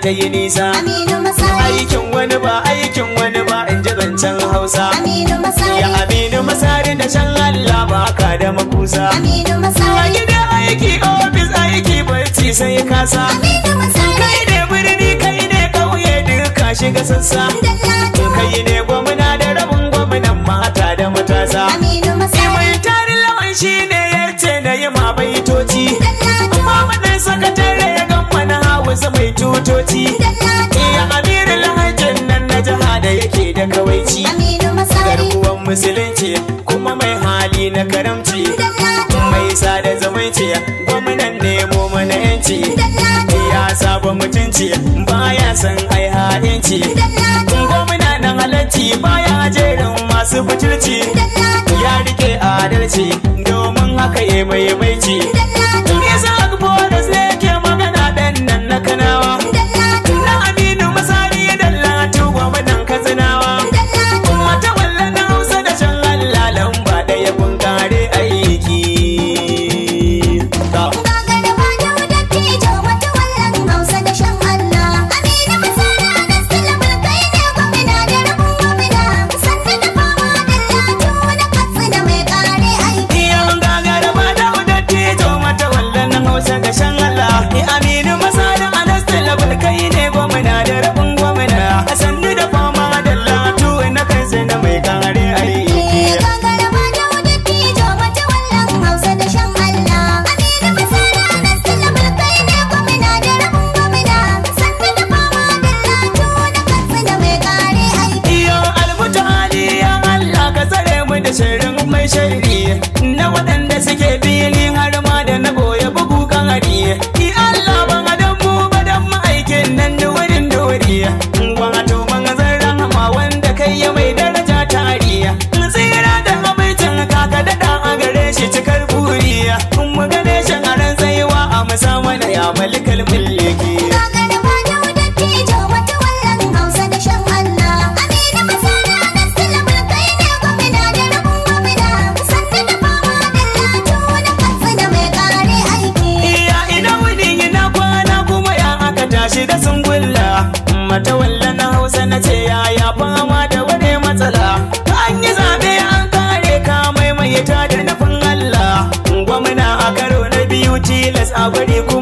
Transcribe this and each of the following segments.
ta yi nisa aikin wani ba aikin wani ba in ji zancen hausa ya aminu masari da shan allah ba ka da makusa a gida aiki ofis aiki barci sai kasa kai ne birni kai ne kauye duka shiga sassa kai ne gwamna da rabin gwamnan mata da matasa mai tarin lawan shi ne ya ce na yi ma baitoci motoci iya aminu lahajin nan na jiha da yake da kawaici garkuwan musulunci kuma mai hali na karamci mai da zamanci gwamnan nemo mana yanci iya saba mutunci baya san ai halinci gwamna na halarci baya jerin masu fitilci ya rike adalci domin haka ya maimaici sirrin mai shari'a a bari kuma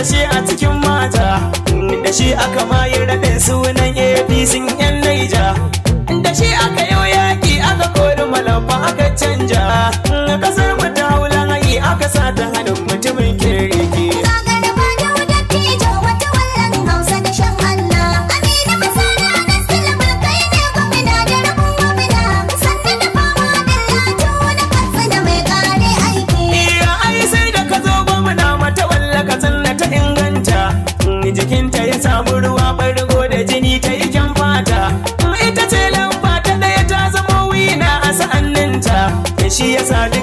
da shi a cikin mata da shi aka mayi raɗin sunan apc yan naija da shi aka yau yaƙi aka kori malafa aka canja ƙasar shi yasa ne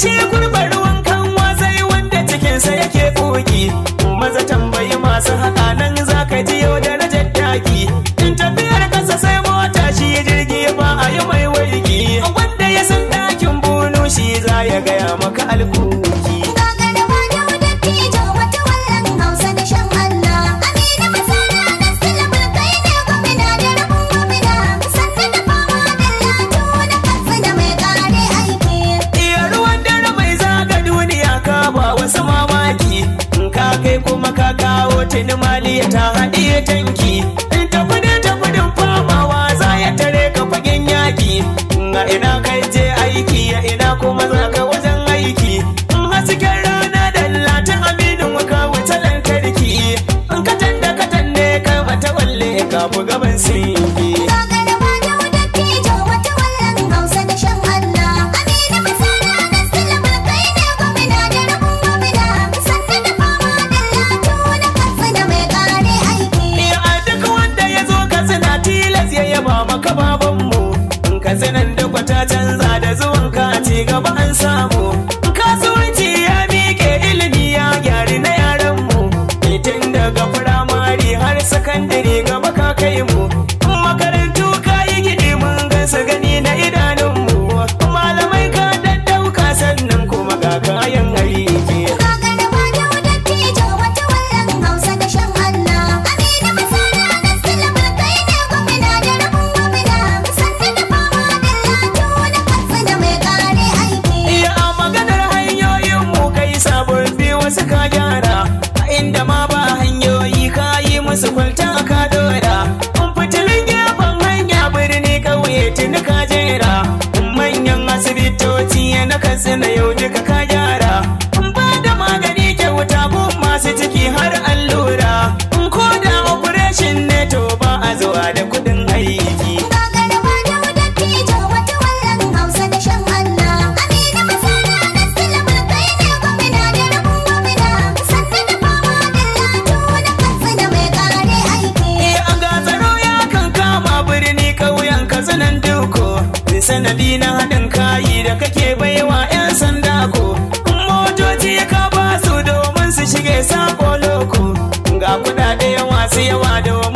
shi gurbar ruwan kanwa sai wanda cikinsa yake koki maza tambayi masu haka nan za ka ji yau darajar taki in tafiyar kasa sai mota shi jirgi ba a yi mai waiki wanda ya san dakin bunu shi za ya gaya maka alku tuni mali ta haɗiye tanki in ta kudu ta kudin famawa za ya tare ka fagen yaki a ina kai je aiki a ina kuma za ka wajen aiki in hasken rana da lati aminin wuka wuce lantarki in katan da katan ne ka mata walle ka fi gaban sun gaba ka kai mu sanadi na haɗin kayi da kake baiwa 'yan sanda ko motoci ka ba su domin su shige sako loko ga kuɗaɗe su yawa domin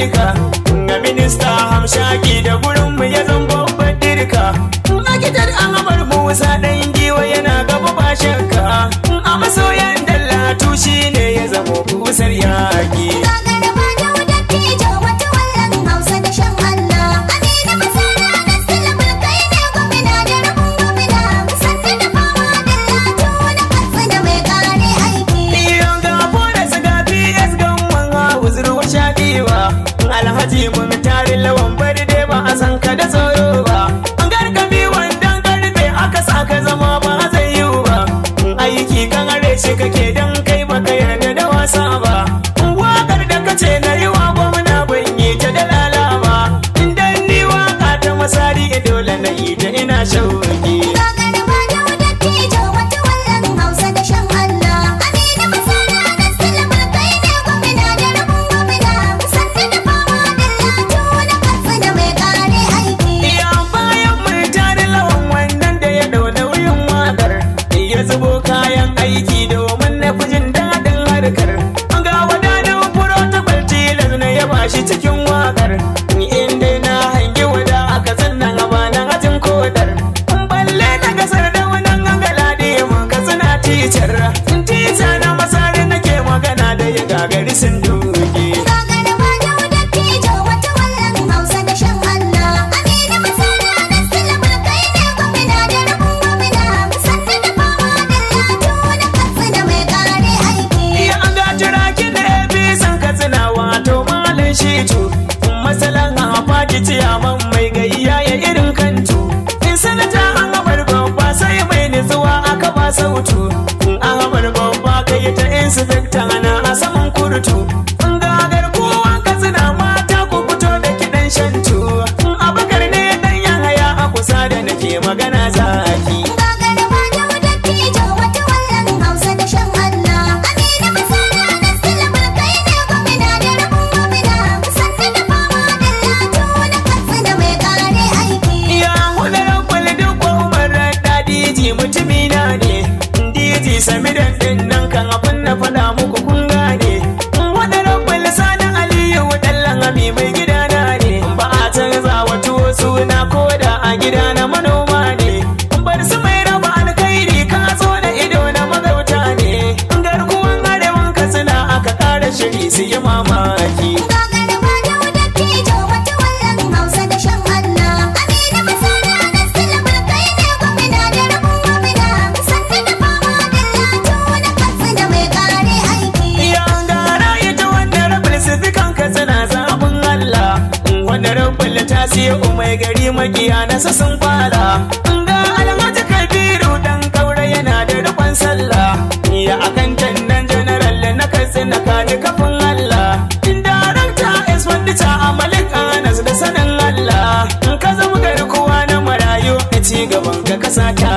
Afirka, ga minista hamshaki da gura ki ciyaman mai gayya ya irin kantu in sanata an habar gwamba sai mai nutsuwa aka ba sautu in an habar gwamba kai ta inspector na a saman kurtu rasa sun kwala ga kabiru dan kaura yana da rikon sallah ya akan tannan general na kai na kaji kafin allah darakta is wanda ta amalin anas da sanin allah in ka zama garkuwa na marayu na ci gaban ga kasa ta